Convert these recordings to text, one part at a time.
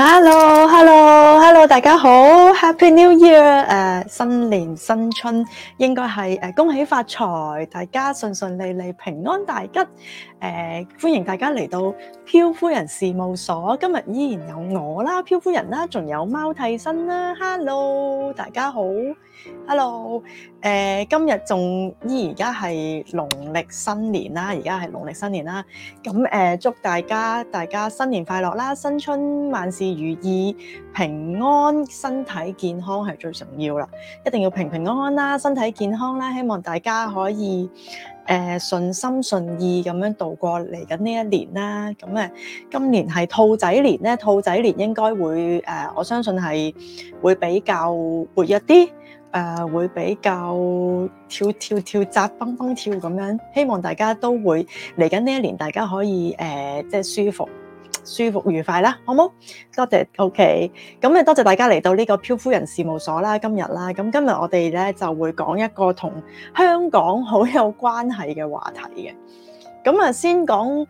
Hello，Hello，Hello，大家好，Happy New Year，誒、uh，新年新春應該係誒、uh、恭喜發財，大家順順利利，平安大吉，誒、uh、歡迎大家嚟到漂夫人事務所，今日依然有我啦，漂夫人啦，仲有貓替身啦，Hello，大家好，Hello。誒、呃，今日仲依而家係農曆新年啦，而家係農曆新年啦。咁、嗯、誒，祝大家大家新年快樂啦，新春萬事如意，平安身體健康係最重要啦。一定要平平安安啦，身體健康啦。希望大家可以誒、呃、順心順意咁樣度過嚟緊呢一年啦。咁、嗯、今年係兔仔年咧，兔仔年應該會誒、呃，我相信係會比較活躍啲。誒、呃、會比較跳跳跳紮蹦蹦跳咁樣，希望大家都會嚟緊呢一年，大家可以、呃、即係舒服、舒服、愉快啦，好冇？多謝 OK。咁、okay、誒、嗯、多謝大家嚟到呢、這個漂夫人事務所啦，今日啦，咁、嗯、今日我哋咧就會講一個同香港好有關係嘅話題嘅。咁、嗯、啊，先講、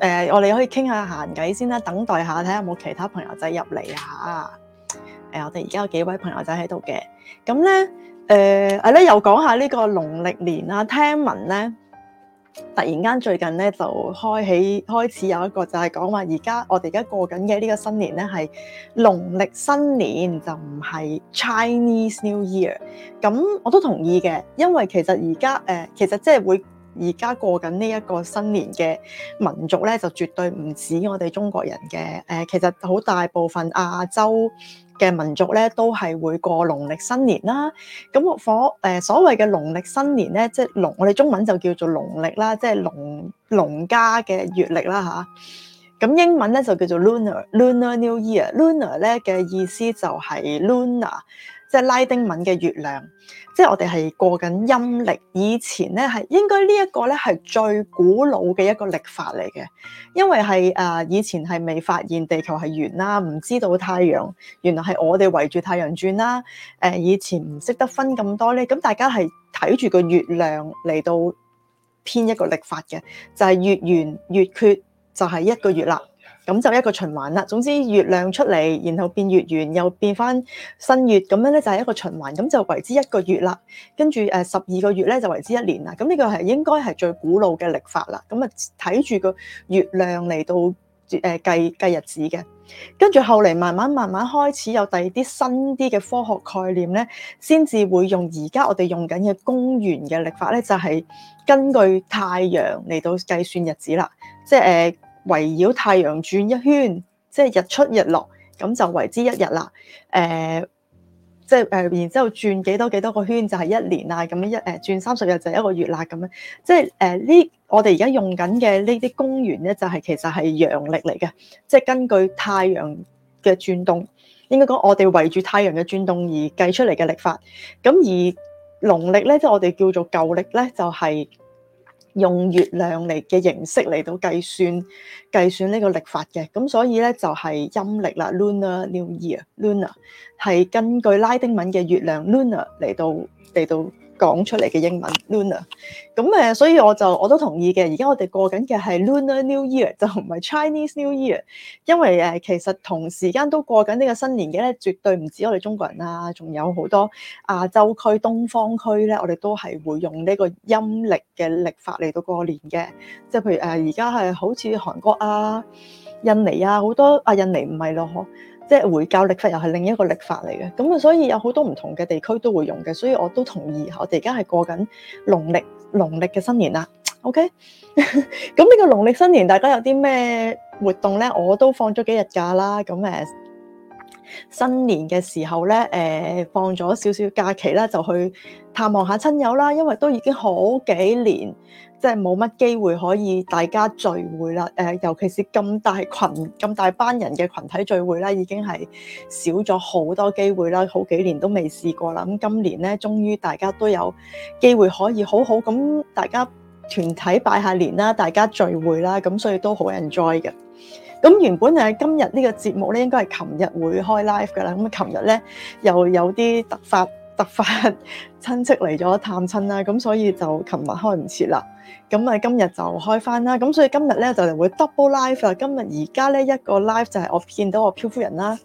呃、我哋可以傾下閒偈先啦，等待下睇下有冇其他朋友仔入嚟嚇。誒、呃，我哋而家有幾位朋友仔喺度嘅。咁咧，誒，係咧，又講下個農曆呢個農曆年啊。聽聞咧，突然間最近咧就開始開始有一個就係講話，而家我哋而家過緊嘅呢個新年咧係農曆新年，就唔係 Chinese New Year。咁我都同意嘅，因為其實而家、呃、其實即係會而家過緊呢一個新年嘅民族咧，就絕對唔止我哋中國人嘅、呃、其實好大部分亞洲。嘅民族咧都係會過農曆新年啦，咁火誒所謂嘅農曆新年咧，即係農，我哋中文就叫做農曆啦，即係農農家嘅月曆啦吓，咁英文咧就叫做 Lunar Lunar New Year Lunar 咧嘅意思就係 Lunar。即係拉丁文嘅月亮，即係我哋係過緊陰曆。以前咧係應該呢一個咧係最古老嘅一個曆法嚟嘅，因為係誒以前係未發現地球係圓啦，唔知道太陽原來係我哋圍住太陽轉啦。誒以前唔識得分咁多咧，咁大家係睇住個月亮嚟到編一個曆法嘅，就係月圓月缺就係一個月啦。咁就一個循環啦。總之，月亮出嚟，然後變月圓，又變翻新月，咁樣咧就係一個循環。咁就為之一個月啦。跟住誒，十二個月咧就為之一年啦。咁呢個係應該係最古老嘅曆法啦。咁啊，睇住個月亮嚟到誒計、計、日子嘅。跟住後嚟，慢慢慢慢開始有第二啲新啲嘅科學概念咧，先至會用而家我哋用緊嘅公元嘅曆法咧，就係根據太陽嚟到計算日子啦。即係、呃圍繞太陽轉一圈，即係日出日落，咁就為之一日啦。誒、呃，即係誒、呃，然之後轉幾多幾多少個圈就係、是、一年啦。咁樣一誒，轉三十日就係一個月啦。咁樣，即係誒呢，我哋而家用緊嘅呢啲公元咧，就係、是、其實係陽歷嚟嘅，即係根據太陽嘅轉動。應該講我哋圍住太陽嘅轉動而計出嚟嘅歷法。咁而農歷咧，即係我哋叫做舊歷咧，就係、是。用月亮嚟嘅形式嚟到計算計算呢個曆法嘅，咁所以咧就係陰曆啦，lunar new year，lunar 係根據拉丁文嘅月亮 lunar 嚟到嚟到講出嚟嘅英文 Lunar，咁誒，所以我就我都同意嘅。而家我哋過緊嘅係 Lunar New Year，就唔係 Chinese New Year。因為誒，其實同時間都過緊呢個新年嘅咧，絕對唔止我哋中國人啦，仲有好多亞洲區、東方區咧，我哋都係會用呢個陰歷嘅曆法嚟到過年嘅。即係譬如誒，而家係好似韓國啊、印尼啊，好多啊，印尼唔係咯？即係回教曆法又係另一個曆法嚟嘅，咁啊，所以有好多唔同嘅地區都會用嘅，所以我都同意。我哋而家係過緊農曆農曆嘅新年啦，OK？咁 呢個農曆新年大家有啲咩活動咧？我都放咗幾日假啦，咁誒，新年嘅時候咧，誒、呃，放咗少少假期啦，就去探望下親友啦，因為都已經好幾年。即係冇乜機會可以大家聚會啦，誒、呃，尤其是咁大群、咁大班人嘅群體聚會啦，已經係少咗好多機會啦，好幾年都未試過啦。咁、嗯、今年咧，終於大家都有機會可以好好咁，大家團體拜下年啦，大家聚會啦，咁、嗯、所以都好 enjoy 嘅。咁、嗯、原本誒今日呢個節目咧，應該係琴日會開 live 㗎啦。咁琴日咧又有啲突發、突發親戚嚟咗探親啦，咁、嗯、所以就琴日開唔切啦。咁咪今日就開翻啦。咁所以今日咧就嚟會 double live 啊。今日而家咧一個 live 就係我見到我漂夫人啦，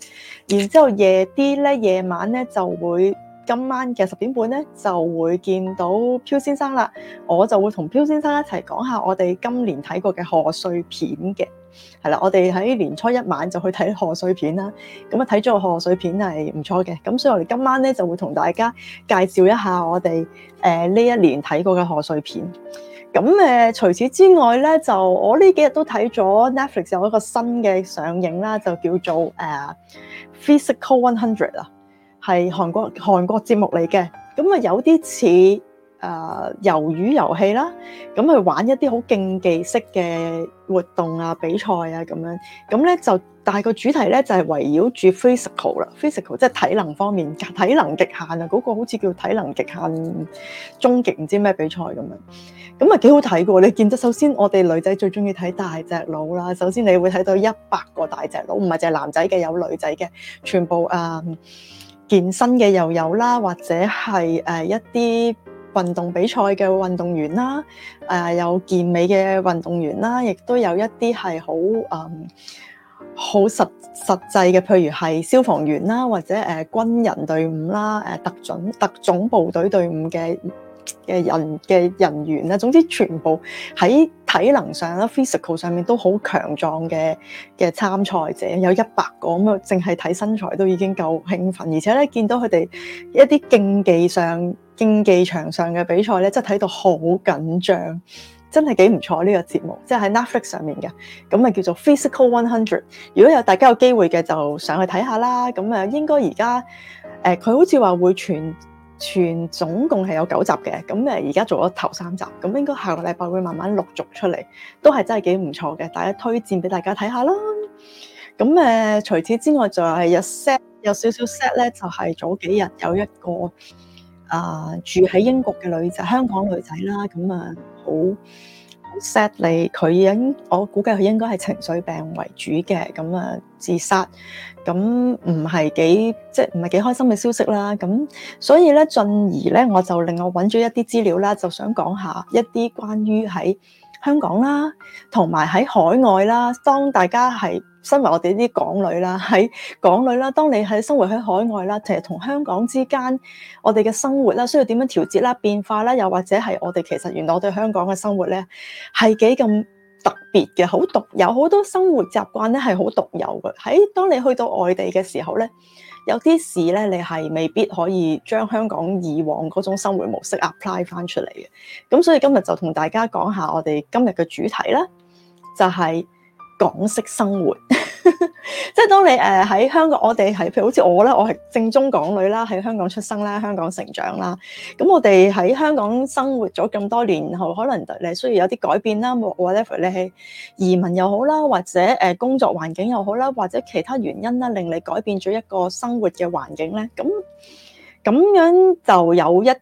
然之後夜啲咧夜晚咧就會今晚嘅十點半咧就會見到漂先生啦。我就會同漂先生一齊講下我哋今年睇過嘅賀歲片嘅係啦。我哋喺年初一晚就去睇賀歲片啦。咁啊，睇咗個賀歲片係唔錯嘅，咁所以我哋今晚咧就會同大家介紹一下我哋誒呢一年睇過嘅賀歲片。咁誒，除此之外咧，就我呢幾日都睇咗 Netflix 有一個新嘅上映啦，就叫做誒《uh, Physical One Hundred》啦，係韓國韓國節目嚟嘅。咁啊，有啲似誒魷魚遊戲啦，咁去玩一啲好競技式嘅活動啊、比賽啊咁樣。咁咧就，但係個主題咧就係、是、圍繞住 Physical 啦，Physical 即係體能方面，體能極限啊，嗰、那個好似叫體能極限終極，唔知咩比賽咁樣。咁啊幾好睇嘅喎！你見得首先我哋女仔最中意睇大隻佬啦。首先你會睇到一百個大隻佬，唔係淨係男仔嘅，有女仔嘅，全部誒、嗯、健身嘅又有啦，或者係、呃、一啲運動比賽嘅運動員啦，誒、呃、有健美嘅運動員啦，亦都有一啲係好誒好實實際嘅，譬如係消防員啦，或者誒、呃、軍人隊伍啦、呃，特准特種部隊隊,隊伍嘅。嘅人嘅人員啦，總之全部喺體能上啦，physical 上面都好強壯嘅嘅參賽者，有一百個咁啊，淨係睇身材都已經夠興奮，而且咧見到佢哋一啲競技上競技場上嘅比賽咧，即係睇到好緊張，真係幾唔錯呢個節目，即係喺 Netflix 上面嘅，咁啊叫做 Physical One Hundred。如果有大家有機會嘅，就上去睇下啦。咁啊，應該而家誒佢好似話會傳。全總共係有九集嘅，咁誒而家做咗頭三集，咁應該下個禮拜會慢慢陸續出嚟，都係真係幾唔錯嘅，大家推薦俾大家睇下啦。咁誒，除此之外就係有 set，有少少 set 咧，就係、是、早幾日有一個啊、呃、住喺英國嘅女仔，香港女仔啦，咁啊好 sad 嚟，佢應我估計佢應該係情緒病為主嘅，咁啊自殺，咁唔係幾即係唔係幾開心嘅消息啦。咁所以咧，進而咧我就另外揾咗一啲資料啦，就想講下一啲關於喺香港啦，同埋喺海外啦，當大家係。身為我哋呢啲港女啦，喺港女啦，當你喺生活喺海外啦，其實同香港之間，我哋嘅生活啦，需要點樣調節啦、變化啦，又或者係我哋其實原來對香港嘅生活咧，係幾咁特別嘅，好獨有，好多生活習慣咧係好獨有嘅。喺當你去到外地嘅時候咧，有啲事咧你係未必可以將香港以往嗰種生活模式 apply 翻出嚟嘅。咁所以今日就同大家講下我哋今日嘅主題啦，就係、是。港式生活， 即係當你誒喺香港，我哋係譬如好似我啦，我係正宗港女啦，喺香港出生啦，香港成長啦。咁我哋喺香港生活咗咁多年後，後可能你需要有啲改變啦，whatever，你係移民又好啦，或者誒工作環境又好啦，或者其他原因啦，令你改變咗一個生活嘅環境咧。咁咁樣就有一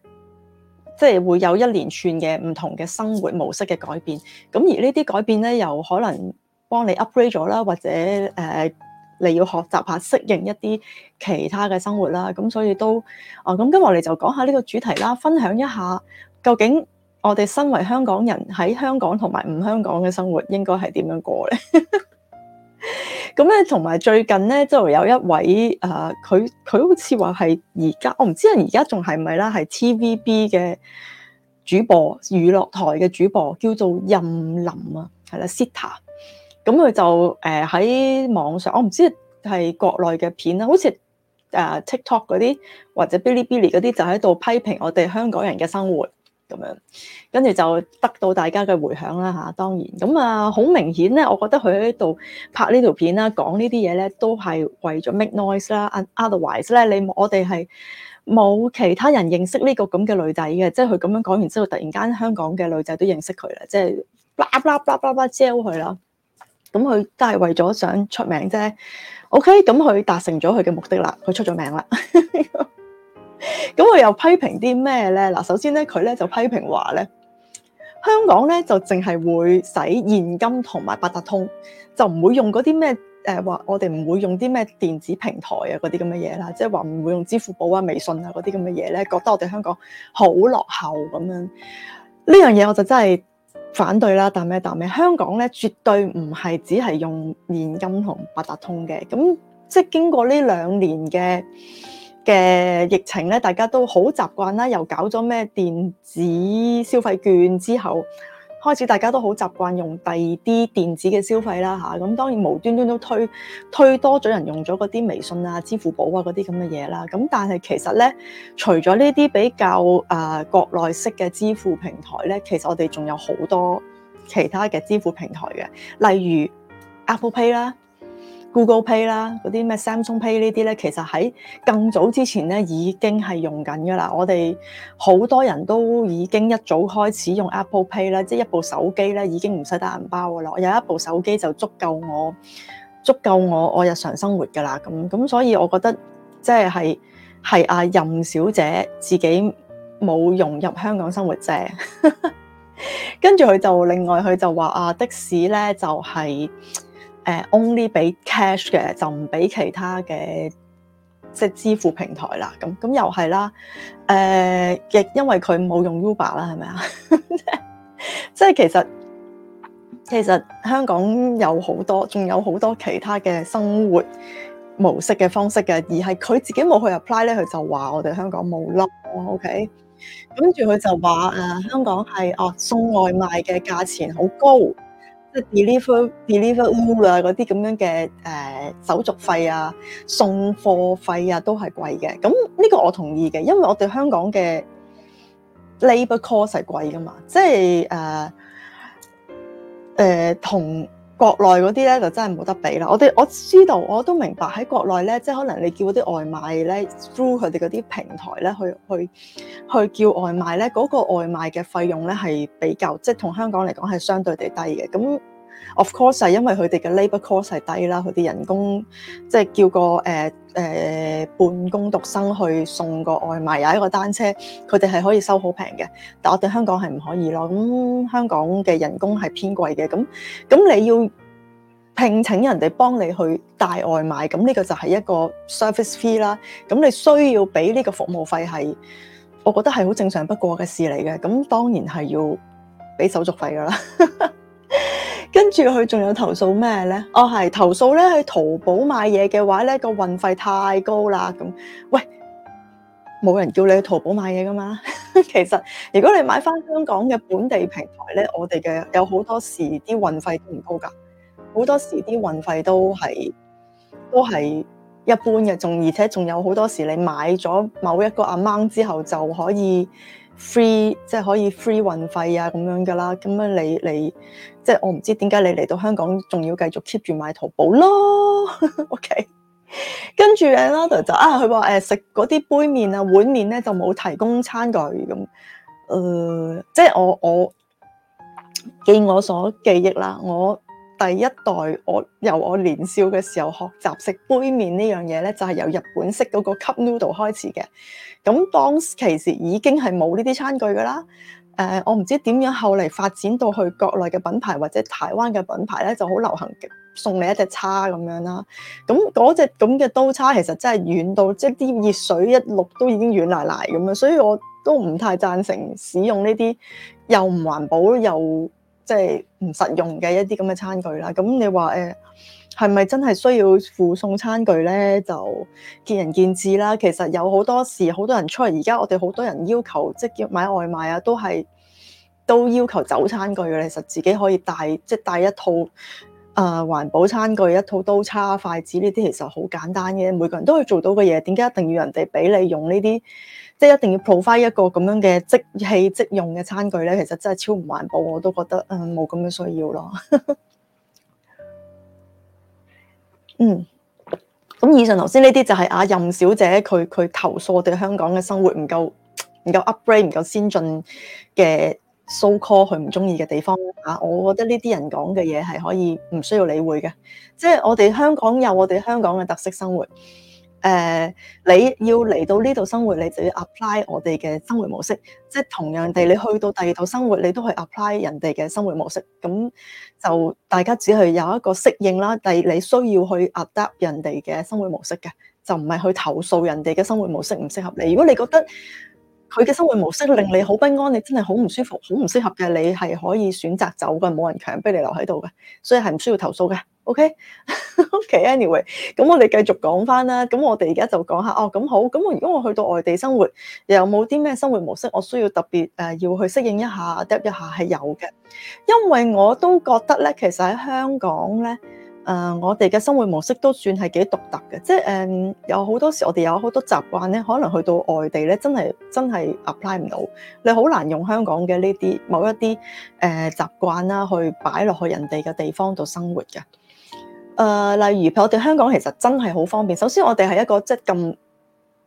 即係、就是、會有一連串嘅唔同嘅生活模式嘅改變。咁而呢啲改變咧，又可能。幫你 upgrade 咗啦，或者誒、呃，你要學習下適應一啲其他嘅生活啦。咁所以都哦，咁、啊、今日我哋就講下呢個主題啦，分享一下究竟我哋身為香港人喺香港同埋唔香港嘅生活應該係點樣過咧？咁 咧，同埋最近咧就有一位誒，佢、啊、佢好似話係而家，我唔知佢而家仲係咪啦，係 TVB 嘅主播，娛樂台嘅主播叫做任琳啊，係啦，Sita。咁佢就誒喺網上，我唔知係國內嘅片啦，好似誒 TikTok 嗰啲或者 Bilibili 嗰啲，就喺度批評我哋香港人嘅生活咁樣，跟住就得到大家嘅回響啦嚇。當然，咁啊好明顯咧，我覺得佢喺度拍呢條片啦，講呢啲嘢咧，都係為咗 make noise 啦。Otherwise 咧，你我哋係冇其他人認識呢個咁嘅女仔嘅，即係佢咁樣講完之後，突然間香港嘅女仔都認識佢啦，即係 bla bla bla bla bla j 佢啦。咁佢都係為咗想出名啫，OK？咁佢達成咗佢嘅目的啦，佢出咗名啦。咁 佢又批評啲咩咧？嗱，首先咧，佢咧就批評話咧，香港咧就淨係會使現金同埋八達通，就唔會用嗰啲咩誒話我哋唔會用啲咩電子平台啊嗰啲咁嘅嘢啦，即係話唔會用支付寶啊、微信啊嗰啲咁嘅嘢咧，覺得我哋香港好落後咁樣。呢樣嘢我就真係。反對啦，打咩打咩？香港咧絕對唔係只係用現金同八達通嘅，咁即係經過呢兩年嘅嘅疫情咧，大家都好習慣啦，又搞咗咩電子消費券之後。開始大家都好習慣用第二啲電子嘅消費啦嚇，咁當然無端端都推推多咗人用咗嗰啲微信啊、支付寶啊嗰啲咁嘅嘢啦。咁但係其實咧，除咗呢啲比較誒、呃、國內式嘅支付平台咧，其實我哋仲有好多其他嘅支付平台嘅，例如 Apple Pay 啦。Google Pay 啦，嗰啲咩 Samsung Pay 呢啲咧，其實喺更早之前咧已經係用緊噶啦。我哋好多人都已經一早開始用 Apple Pay 啦，即係一部手機咧已經唔使帶銀包噶啦。我有一部手機就足夠我足夠我我日常生活噶啦。咁咁所以我覺得即係係係阿任小姐自己冇融入香港生活啫。跟住佢就另外佢就話啊，的士咧就係。誒 only 俾 cash 嘅，就唔俾其他嘅即支付平台啦。咁咁又係啦。誒、呃、亦因為佢冇用 Uber 啦，係咪啊？即係其實其實香港有好多，仲有好多其他嘅生活模式嘅方式嘅，而係佢自己冇去 apply 咧，佢就話我哋香港冇笠咯。OK，跟住佢就話啊，香港係哦、啊、送外賣嘅價錢好高。deliver deliver rule 啊，嗰啲咁樣嘅，誒手續費啊、送貨費啊都係貴嘅。咁呢個我同意嘅，因為我哋香港嘅 labor cost 係貴噶嘛，即係誒誒同。國內嗰啲咧就真係冇得比啦。我哋我知道，我都明白喺國內咧，即係可能你叫嗰啲外賣咧，through 佢哋嗰啲平台咧，去去去叫外賣咧，嗰個外賣嘅費用咧係比較，即係同香港嚟講係相對地低嘅咁。Of course，係因為佢哋嘅 labour cost 係低啦，佢啲人工即係、就是、叫個誒誒、呃呃、半工讀生去送個外賣，有一個單車，佢哋係可以收好平嘅。但我哋香港係唔可以咯。咁香港嘅人工係偏貴嘅。咁咁你要聘請人哋幫你去帶外賣，咁呢個就係一個 service fee 啦。咁你需要俾呢個服務費係，我覺得係好正常不過嘅事嚟嘅。咁當然係要俾手續費㗎啦。 跟住佢仲有投訴咩呢？哦，係投訴咧，去淘寶買嘢嘅話呢，個運費太高啦咁。喂，冇人叫你去淘寶買嘢噶嘛？其實如果你買翻香港嘅本地平台呢，我哋嘅有好多時啲運費都唔高噶，好多時啲運費都係都係一般嘅，仲而且仲有好多時你買咗某一個阿掹之後就可以。free 即係可以 free 運費啊咁樣噶啦，咁樣你你即係、就是、我唔知點解你嚟到香港仲要繼續 keep 住買淘寶咯。 OK，跟住 another 就啊，佢話食嗰啲杯麵啊碗麵咧就冇提供餐具咁。即係、呃就是、我我記我所記憶啦，我。第一代我由我年少嘅時候學習食杯麵呢樣嘢咧，就係、是、由日本式嗰個 cup noodle 開始嘅。咁當其時已經係冇呢啲餐具噶啦。誒、呃，我唔知點樣後嚟發展到去國內嘅品牌或者台灣嘅品牌咧，就好流行送你一隻叉咁樣啦。咁嗰隻咁嘅刀叉其實真係軟到，即係啲熱水一淥都已經軟爛爛咁樣，所以我都唔太贊成使用呢啲又唔環保又。即係唔實用嘅一啲咁嘅餐具啦，咁你話誒係咪真係需要附送餐具呢？就見仁見智啦。其實有好多時，好多人出嚟，而家我哋好多人要求，即係叫買外賣啊，都係都要求走餐具嘅，其實自己可以帶，即係帶一套。誒、呃、環保餐具一套刀叉筷子，呢啲其實好簡單嘅，每個人都可以做到嘅嘢，點解一定要人哋俾你用呢啲？即係一定要鋪翻一個咁樣嘅即棄即用嘅餐具咧，其實真係超唔環保，我都覺得誒冇咁嘅需要咯。 嗯，咁以上頭先呢啲就係阿任小姐佢佢投訴我哋香港嘅生活唔夠唔夠 upgrade 唔夠先進嘅。So call 佢唔中意嘅地方啊！我覺得呢啲人講嘅嘢係可以唔需要理會嘅，即係我哋香港有我哋香港嘅特色生活。誒，你要嚟到呢度生活，你就要 apply 我哋嘅生活模式。即係同樣地，你去到第二度生活，你都去 apply 人哋嘅生活模式。咁就大家只係有一個適應啦。第二，你需要去 adapt 人哋嘅生活模式嘅，就唔係去投訴人哋嘅生活模式唔適合你。如果你覺得，佢嘅生活模式令你好不安，你真係好唔舒服，好唔適合嘅，你係可以選擇走嘅，冇人強逼你留喺度嘅，所以係唔需要投訴嘅。OK OK，anyway， 咁我哋繼續講翻啦。咁我哋而家就講下哦，咁好，咁我如果我去到外地生活，又有冇啲咩生活模式我需要特別誒、呃、要去適應一下、adjust 一下？係有嘅，因為我都覺得咧，其實喺香港咧。誒、呃，我哋嘅生活模式都算係幾獨特嘅，即係誒、呃、有好多時我哋有好多習慣咧，可能去到外地咧，真係真係 apply 唔到，你好難用香港嘅呢啲某一啲誒習慣啦，呃、去擺落去人哋嘅地方度生活嘅。誒、呃，例如譬如我哋香港其實真係好方便。首先，我哋係一個即係咁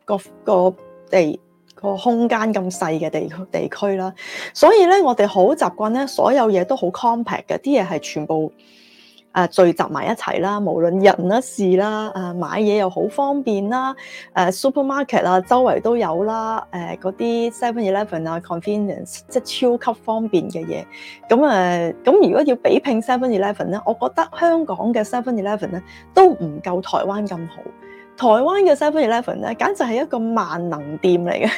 個個地個空間咁細嘅地區地區啦，所以咧我哋好習慣咧，所有嘢都好 compact 嘅，啲嘢係全部。誒聚集埋一齊啦，無論人啦事啦，誒買嘢又好方便啦，誒 supermarket 啊，周圍都有啦，誒嗰啲 seven eleven 啊，convenience 即係超級方便嘅嘢。咁誒，咁如果要比拼 seven eleven 咧，我覺得香港嘅 seven eleven 咧都唔夠台灣咁好。台灣嘅 seven eleven 咧，簡直係一個萬能店嚟嘅。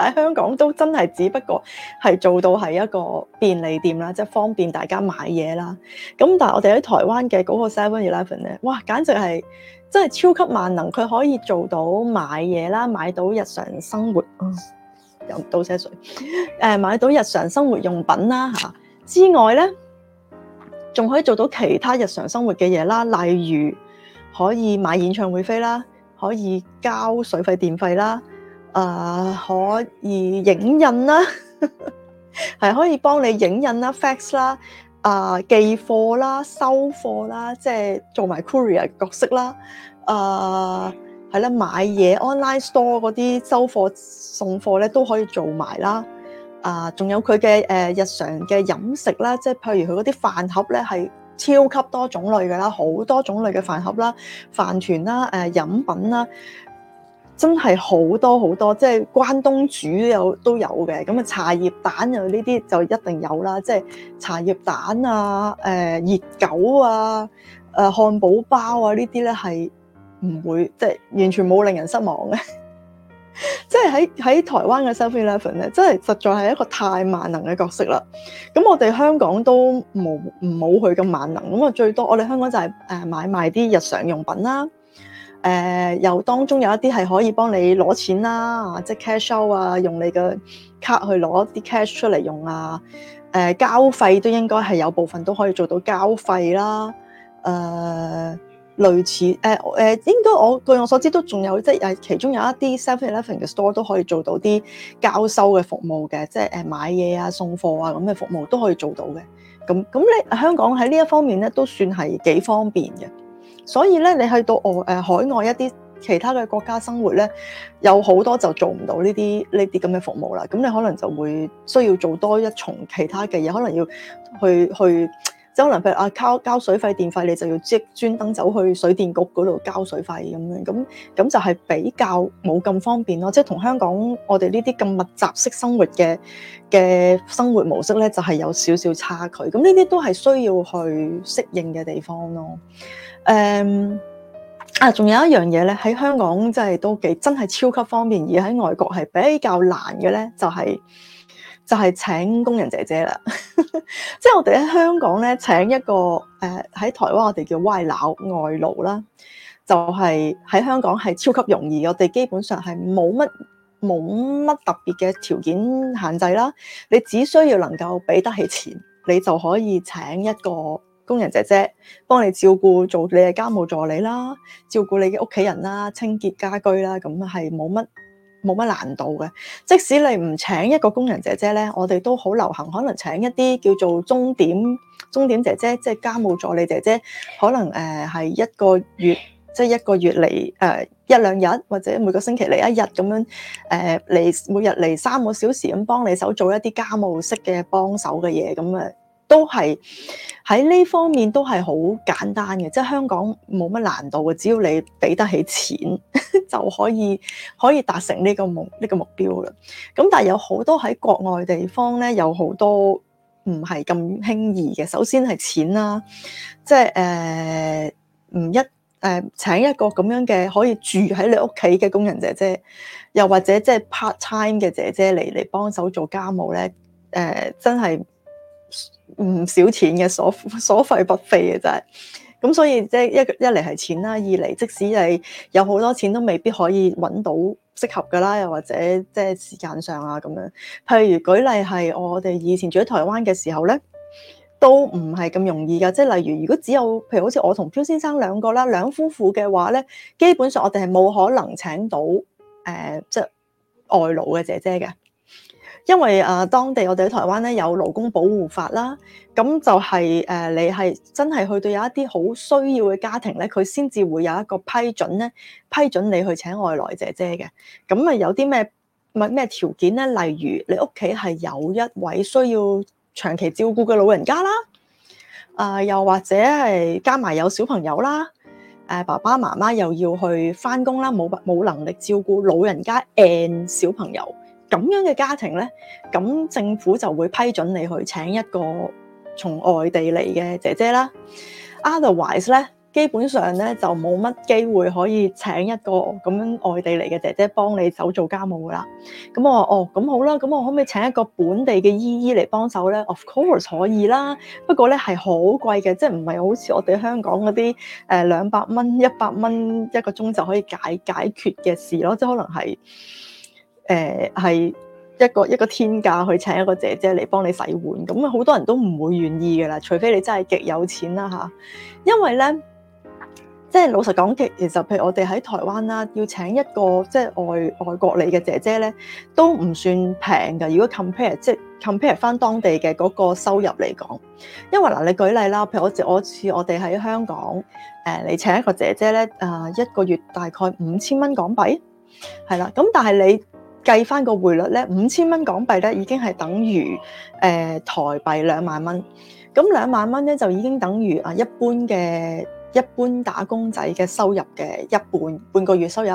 喺香港都真係，只不過係做到係一個便利店啦，即係方便大家買嘢啦。咁但係我哋喺台灣嘅嗰個 Seven Eleven 咧，哇，簡直係真係超級萬能，佢可以做到買嘢啦，買到日常生活啊，又唔到寫水，誒，買到日常生活用品啦嚇。之外咧，仲可以做到其他日常生活嘅嘢啦，例如可以買演唱會飛啦，可以交水費電費啦。啊、uh,，可以影印啦，係 可以幫你影印啦、fax 啦、啊、uh, 寄貨啦、收貨啦，即係做埋 courier 角色啦。啊，係啦，買嘢 online store 嗰啲收貨送貨咧都可以做埋啦。啊、uh,，仲有佢嘅誒日常嘅飲食啦，即係譬如佢嗰啲飯盒咧係超級多種類噶啦，好多種類嘅飯盒啦、飯團啦、誒、呃、飲品啦。真係好多好多，即係關東煮有都有嘅，咁啊茶葉蛋又呢啲就一定有啦，即係茶葉蛋啊、誒、呃、熱狗啊、誒、呃、漢堡包啊呢啲咧係唔會即係完全冇令人失望嘅， 即係喺喺台灣嘅 Seven Eleven 咧，真係實在係一個太萬能嘅角色啦。咁我哋香港都冇唔冇佢咁萬能，咁啊最多我哋香港就係誒買埋啲日常用品啦。誒、呃、又當中有一啲係可以幫你攞錢啦、啊，即係 cash out 啊，用你嘅卡去攞啲 cash 出嚟用啊。誒、呃、交費都應該係有部分都可以做到交費啦、啊。誒、呃、類似誒誒、呃，應該我據我所知都仲有，即係其中有一啲 7-Eleven 嘅 store 都可以做到啲交收嘅服務嘅，即係誒買嘢啊、送貨啊咁嘅服務都可以做到嘅。咁咁咧，香港喺呢一方面咧都算係幾方便嘅。所以咧，你去到外誒海外一啲其他嘅國家生活咧，有好多就做唔到呢啲呢啲咁嘅服務啦。咁你可能就會需要做多一重其他嘅嘢，可能要去去即可能譬如啊，交交水費電費，你就要即專登走去水電局嗰度交水費咁樣，咁咁就係比較冇咁方便咯。即係同香港我哋呢啲咁密集式生活嘅嘅生活模式咧，就係有少少差距。咁呢啲都係需要去適應嘅地方咯。誒、um, 啊！仲有一樣嘢咧，喺香港真係都幾真係超級方便，而喺外國係比較難嘅咧，就係、是、就係、是、請工人姐姐啦。即 係我哋喺香港咧，請一個誒，喺台灣我哋叫歪佬外勞啦，就係、是、喺香港係超級容易，我哋基本上係冇乜冇乜特別嘅條件限制啦。你只需要能夠俾得起錢，你就可以請一個。工人姐姐幫你照顧做你嘅家務助理啦，照顧你嘅屋企人啦，清潔家居啦，咁係冇乜冇乜難度嘅。即使你唔請一個工人姐姐咧，我哋都好流行，可能請一啲叫做鐘點鐘點姐姐，即係家務助理姐姐，可能誒係、呃、一個月，即、就、係、是、一個月嚟誒、呃、一兩日，或者每個星期嚟一日咁樣誒嚟、呃、每日嚟三個小時咁幫你手做一啲家務式嘅幫手嘅嘢咁啊～都係喺呢方面都係好簡單嘅，即係香港冇乜難度嘅，只要你俾得起錢就可以可以達成呢個目呢個目標嘅。咁但係有好多喺國外地方咧，有好多唔係咁輕易嘅。首先係錢啦，即係誒唔一誒請一個咁樣嘅可以住喺你屋企嘅工人姐姐，又或者即係 part time 嘅姐姐嚟嚟幫手做家務咧，誒真係～唔少錢嘅，所所費不菲嘅真係，咁所以即係一一嚟係錢啦，二嚟即使係有好多錢都未必可以揾到適合噶啦，又或者即係時間上啊咁樣。譬如舉例係我哋以前住喺台灣嘅時候咧，都唔係咁容易噶。即係例如，如果只有譬如好似我同漂先生兩個啦，兩夫婦嘅話咧，基本上我哋係冇可能請到誒、呃、即係外勞嘅姐姐嘅。因為啊、呃，當地我哋喺台灣咧有勞工保護法啦，咁就係、是、誒、呃、你係真係去到有一啲好需要嘅家庭咧，佢先至會有一個批准咧，批准你去請外來姐姐嘅。咁啊，有啲咩唔係咩條件咧？例如你屋企係有一位需要長期照顧嘅老人家啦，啊、呃，又或者係加埋有小朋友啦，誒、呃、爸爸媽媽又要去返工啦，冇冇能力照顧老人家 and 小朋友。咁樣嘅家庭咧，咁政府就會批准你去請一個從外地嚟嘅姐姐啦。Otherwise 咧，基本上咧就冇乜機會可以請一個咁樣外地嚟嘅姐姐幫你手做家務噶啦。咁、嗯、我話哦，咁好啦，咁我可唔可以請一個本地嘅姨姨嚟幫手咧？Of course 可以啦，不過咧係好貴嘅，即係唔係好似我哋香港嗰啲誒兩百蚊、一百蚊一個鐘就可以解解決嘅事咯，即係可能係。誒、呃、係一個一個天價去請一個姐姐嚟幫你洗碗，咁啊好多人都唔會願意噶啦，除非你真係極有錢啦、啊、嚇。因為咧，即係老實講，其其實譬如我哋喺台灣啦，要請一個即係外外國嚟嘅姐姐咧，都唔算平㗎。如果 compare 即係 compare 翻當地嘅嗰個收入嚟講，因為嗱你舉例啦，譬如我我似我哋喺香港，誒、呃、你請一個姐姐咧，誒、呃、一個月大概五千蚊港幣，係啦，咁但係你，計翻個匯率咧，五千蚊港幣咧已經係等於誒台幣兩萬蚊，咁兩萬蚊咧就已經等於啊一般嘅一般打工仔嘅收入嘅一半，半個月收入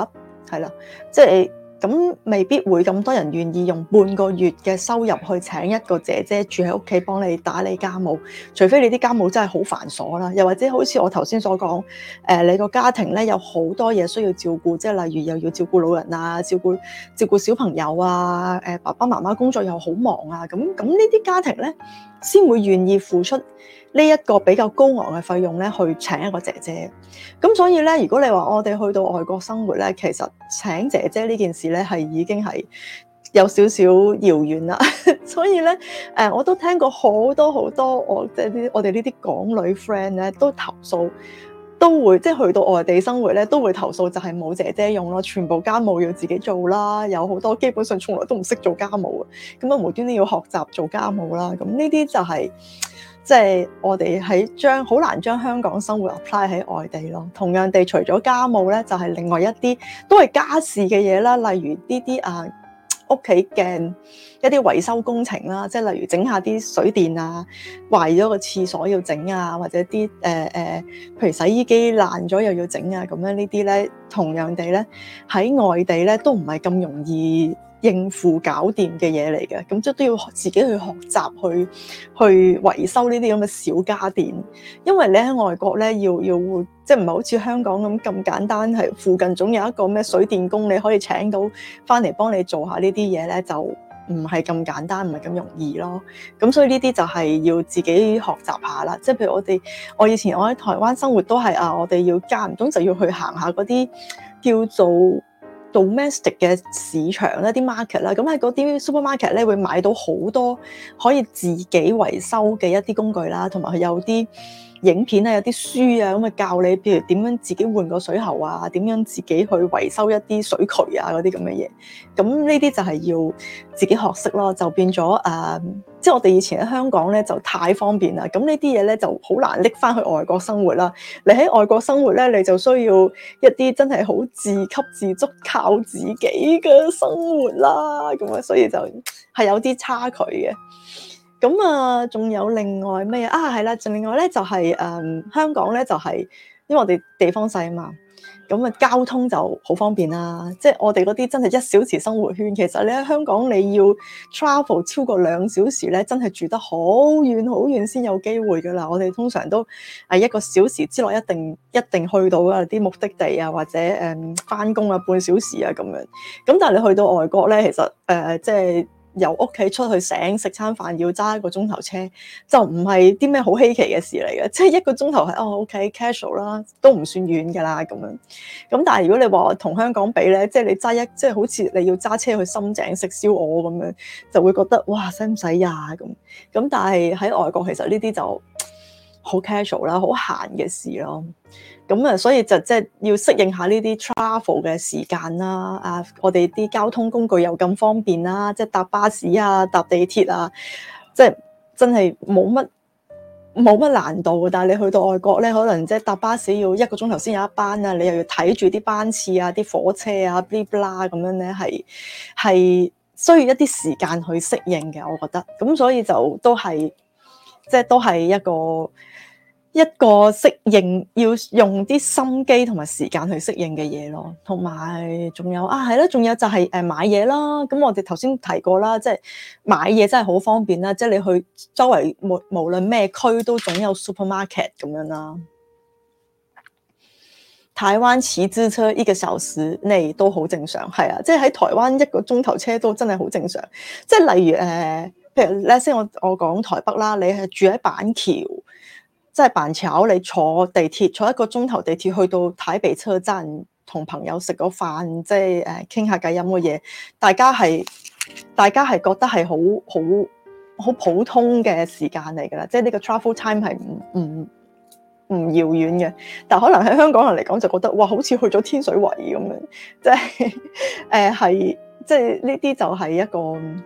係啦，即係。咁未必會咁多人願意用半個月嘅收入去請一個姐姐住喺屋企幫你打理家務，除非你啲家務真係好繁瑣啦，又或者好似我頭先所講，呃，你個家庭咧有好多嘢需要照顧，即係例如又要照顧老人啊，照顧照顧小朋友啊，呃，爸爸媽媽工作又好忙啊，咁咁呢啲家庭咧。先會願意付出呢一個比較高昂嘅費用咧，去請一個姐姐。咁所以咧，如果你話我哋去到外國生活咧，其實請姐姐呢件事咧，係已經係有少少遙遠啦。 所以咧，誒我都聽過好多好多，我即係呢，我哋呢啲港女 friend 咧都投訴。都會即係去到外地生活咧，都會投訴就係冇姐姐用咯，全部家務要自己做啦，有好多基本上從來都唔識做家務嘅，咁啊無端端要學習做家務啦，咁呢啲就係即係我哋喺將好難將香港生活 apply 喺外地咯。同樣地，除咗家務咧，就係、是、另外一啲都係家事嘅嘢啦，例如呢啲啊屋企鏡。一啲維修工程啦，即係例如整下啲水電啊，壞咗個廁所要整啊，或者啲誒誒，譬如洗衣機爛咗又要整啊，咁樣呢啲咧，同樣地咧喺外地咧都唔係咁容易應付搞掂嘅嘢嚟嘅，咁即係都要自己去學習去去維修呢啲咁嘅小家電，因為你喺外國咧要要即係唔係好似香港咁咁簡單，係附近總有一個咩水電工你可以請到翻嚟幫你做下呢啲嘢咧就。唔係咁簡單，唔係咁容易咯。咁所以呢啲就係要自己學習下啦。即係譬如我哋，我以前我喺台灣生活都係啊，我哋要間唔中就要去行下嗰啲叫做 domestic 嘅市場咧，啲 market 啦。咁喺嗰啲 supermarket 咧，會買到好多可以自己維修嘅一啲工具啦，同埋佢有啲。影片咧、啊、有啲書啊，咁啊，教你，譬如點樣自己換個水喉啊，點樣自己去維修一啲水渠啊，嗰啲咁嘅嘢。咁呢啲就係要自己學識咯，就變咗誒，即、呃、係、就是、我哋以前喺香港咧就太方便啦。咁呢啲嘢咧就好難拎翻去外國生活啦。你喺外國生活咧，你就需要一啲真係好自給自足靠自己嘅生活啦。咁啊，所以就係有啲差距嘅。咁啊，仲有另外咩啊？係啦，仲另外咧就係誒香港咧，就係因為我哋地方細啊嘛，咁啊交通就好方便啦。即係我哋嗰啲真係一小時生活圈，其實咧香港你要 travel 超過兩小時咧，真係住得好遠好遠先有機會噶啦。我哋通常都係一個小時之內一定一定去到啊啲目的地啊，或者誒翻工啊半小時啊咁樣。咁但係你去到外國咧，其實誒即係。呃就是由屋企出去醒，食餐飯要揸一個鐘頭車，就唔係啲咩好稀奇嘅事嚟嘅，即係一個鐘頭係哦 OK casual 啦，都唔算遠㗎啦咁樣。咁但係如果你話同香港比咧，即係你揸一即係好似你要揸車去深井食燒鵝咁樣，就會覺得，哇使唔使呀咁咁。但係喺外國其實呢啲就好 casual 啦，好閒嘅事咯。咁啊，所以就即係要適應下呢啲 travel 嘅時間啦。啊，我哋啲交通工具又咁方便啦，即係搭巴士啊、搭地鐵啊，即係真係冇乜冇乜難度嘅。但係你去到外國咧，可能即係搭巴士要一個鐘頭先有一班啊，你又要睇住啲班次啊、啲火車啊、噼哩啪啦咁樣咧，係係需要一啲時間去適應嘅。我覺得咁，所以就都係即係都係一個。一個適應要用啲心機同埋時間去適應嘅嘢咯，同埋仲有，還有啊，係咯，仲有就係誒買嘢啦。咁我哋頭先提過啦，即係買嘢真係好方便啦。即係你去周圍無無論咩區都總有 supermarket 咁樣啦。台灣揸車一個小時你都好正常，係啊，即係喺台灣一個鐘頭車都真係好正常。即係例如誒、呃，譬如咧先我我講台北啦，你係住喺板橋。即係扮巧，你坐地鐵坐一個鐘頭地鐵去到台北車站，同朋友食個飯，即係誒傾下偈飲個嘢，大家係大家係覺得係好好好普通嘅時間嚟㗎啦，即係呢個 travel time 係唔唔唔遙遠嘅，但可能喺香港人嚟講就覺得哇好似去咗天水圍咁樣，即係誒係即係呢啲就係一個。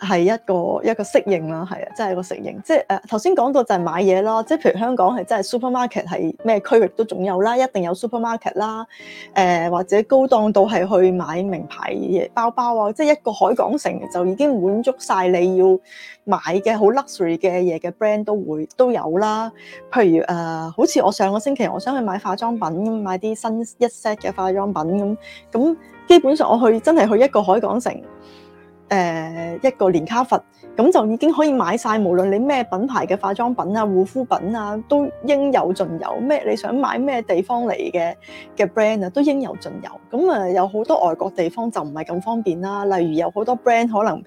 係一個一個適應啦，係啊，即係一個適應。即係誒頭先講到就係買嘢咯。即係譬如香港係真係 supermarket 係咩區域都仲有啦，一定有 supermarket 啦。誒、呃、或者高檔到係去買名牌嘢包包啊，即係一個海港城就已經滿足晒你要買嘅好 luxury 嘅嘢嘅 brand 都會都有啦。譬如誒、呃，好似我上個星期我想去買化妝品，買啲新一 set 嘅化妝品咁。咁基本上我去真係去一個海港城。誒、呃、一個連卡佛，咁就已經可以買晒。無論你咩品牌嘅化妝品啊、護膚品啊，都應有盡有。咩你想買咩地方嚟嘅嘅 brand 啊，都應有盡有。咁啊，有好多外國地方就唔係咁方便啦。例如有好多 brand 可能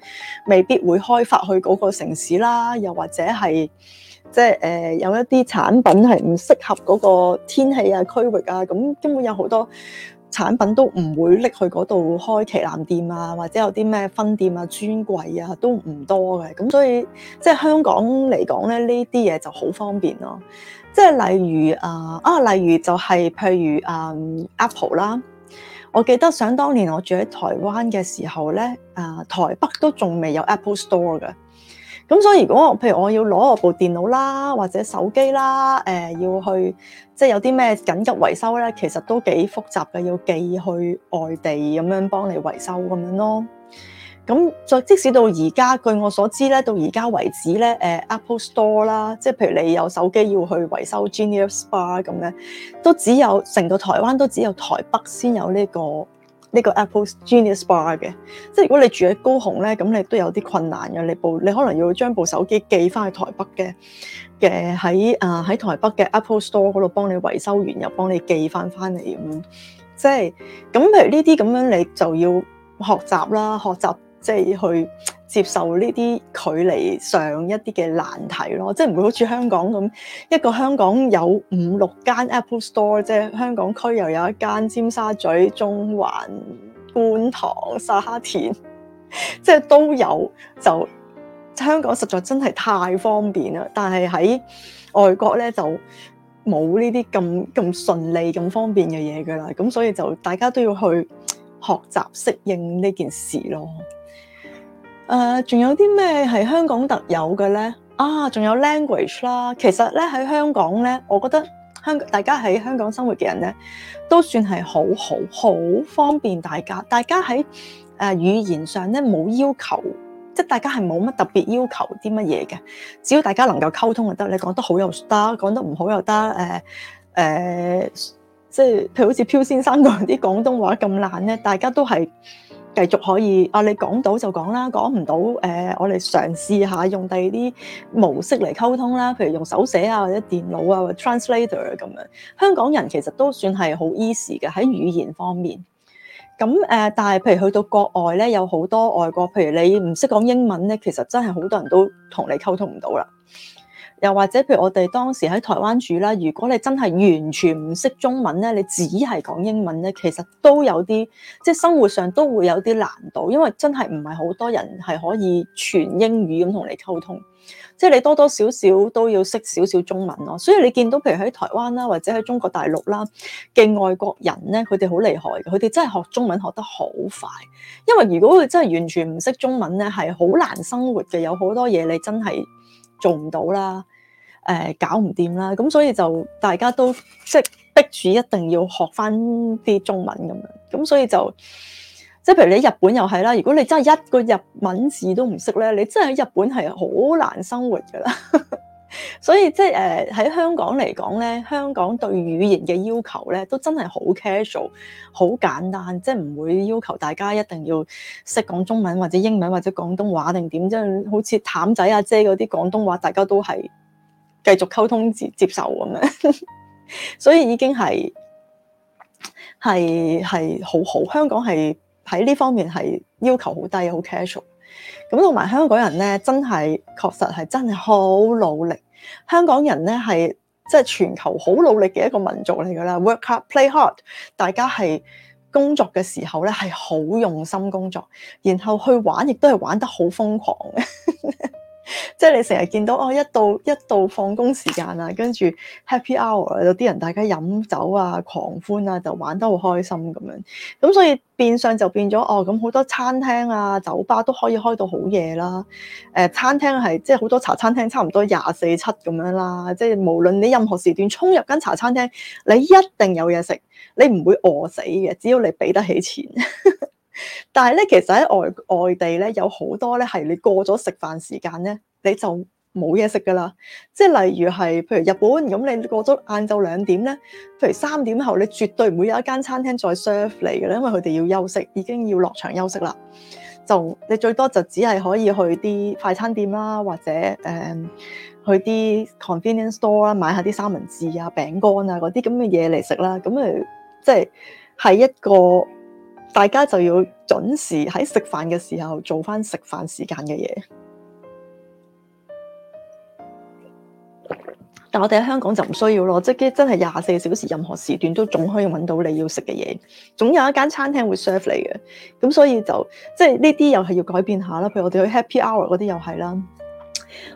未必會開發去嗰個城市啦，又或者係即係、呃、有一啲產品係唔適合嗰個天氣啊、區域啊，咁根本有好多。產品都唔會拎去嗰度開旗艦店啊，或者有啲咩分店啊、專櫃啊都唔多嘅，咁所以即係香港嚟講咧，呢啲嘢就好方便咯。即係例如啊啊，例如就係、是、譬如啊、嗯、Apple 啦，我記得想當年我住喺台灣嘅時候咧，啊台北都仲未有 Apple Store 嘅，咁所以如果譬如我要攞我部電腦啦，或者手機啦，誒、呃、要去。即係有啲咩緊急維修咧，其實都幾複雜嘅，要寄去外地咁樣幫你維修咁樣咯。咁再即使到而家，據我所知咧，到而家為止咧，誒 Apple Store 啦，即係譬如你有手機要去維修 Genius Bar 咁樣，都只有成個台灣都只有台北先有呢、呢個呢、呢個 Apple Genius Bar 嘅。即係如果你住喺高雄咧，咁你都有啲困難嘅，你部你可能要將部手機寄翻去台北嘅。嘅喺啊喺台北嘅 Apple Store 嗰度幫你維修完，又幫你寄翻翻嚟咁，即係咁譬如呢啲咁樣，你就要學習啦，學習即係去接受呢啲距離上一啲嘅難題咯，即係唔會好似香港咁，一個香港有五六間 Apple Store 即係香港區又有一間，尖沙咀、中環、觀塘、沙田，即係都有就。香港實在真係太方便啦，但係喺外國咧就冇呢啲咁咁順利、咁方便嘅嘢嘅啦。咁所以就大家都要去學習適應呢件事咯。誒，仲有啲咩係香港特有嘅咧？啊，仲有 language 啦。其實咧喺香港咧，我覺得香大家喺香港生活嘅人咧，都算係好好好方便大家。大家喺誒語言上咧冇要求。即係大家係冇乜特別要求啲乜嘢嘅，只要大家能夠溝通就得。你講得好又得，t 講得唔好又得。誒、呃、誒、呃，即係譬如好似漂先生講啲廣東話咁爛咧，大家都係繼續可以啊。你講到就講啦，講唔到誒、呃，我哋嘗試一下用第二啲模式嚟溝通啦。譬如用手寫啊，或者電腦啊，或者 translator 咁樣。香港人其實都算係好 easy 嘅喺語言方面。咁誒，但係譬如去到國外咧，有好多外國，譬如你唔識講英文咧，其實真係好多人都同你溝通唔到啦。又或者譬如我哋當時喺台灣住啦，如果你真係完全唔識中文咧，你只係講英文咧，其實都有啲即係生活上都會有啲難度，因為真係唔係好多人係可以全英語咁同你溝通。即係你多多少少都要識少少中文咯，所以你見到譬如喺台灣啦，或者喺中國大陸啦嘅外國人咧，佢哋好厲害，佢哋真係學中文學得好快。因為如果佢真係完全唔識中文咧，係好難生活嘅，有好多嘢你真係做唔到啦，誒、呃、搞唔掂啦。咁所以就大家都即係逼住一定要學返啲中文咁樣，咁所以就。即係譬如你日本又係啦，如果你真係一個日文字都唔識咧，你真係喺日本係好難生活㗎啦。 所以即係誒喺香港嚟講咧，香港對語言嘅要求咧都真係好 casual，好簡單，即係唔會要求大家一定要識講中文或者英文或者廣東話定點，即係好似譚仔阿、啊、姐嗰啲廣東話，大家都係繼續溝通接接受咁樣， 所以已經係係係好好香港係。喺呢方面係要求好低，好 casual。咁同埋香港人咧，真係確實係真係好努力。香港人咧係即係全球好努力嘅一個民族嚟㗎啦。Yeah. Work hard, play hard。大家係工作嘅時候咧係好用心工作，然後去玩亦都係玩得好瘋狂嘅。 即係你成日見到哦，一到一到放工時間啊，跟住 Happy Hour 有啲人大家飲酒啊、狂歡啊，就玩得好開心咁樣。咁所以變相就變咗哦，咁好多餐廳啊、酒吧都可以開到好夜啦。誒、呃，餐廳係即係好多茶餐廳，差唔多廿四七咁樣啦。即係無論你任何時段沖入間茶餐廳，你一定有嘢食，你唔會餓死嘅，只要你俾得起錢。 但係咧，其實喺外外地咧，有好多咧係你過咗食飯時間咧，你就冇嘢食噶啦。即係例如係，譬如日本咁，你過咗晏晝兩點咧，譬如三點後，你絕對唔會有一間餐廳再 serve 嚟嘅，因為佢哋要休息，已經要落場休息啦。就你最多就只係可以去啲快餐店啦，或者誒、呃、去啲 convenience store 啦，買下啲三文治啊、餅乾啊嗰啲咁嘅嘢嚟食啦。咁啊，即係係一個。大家就要準時喺食飯嘅時候做翻食飯時間嘅嘢。但我哋喺香港就唔需要咯，即係真係廿四小時任何時段都總可以揾到你要食嘅嘢，總有一間餐廳會 serve 你嘅。咁所以就即係呢啲又係要改變下啦。譬如我哋去 Happy Hour 嗰啲又係啦。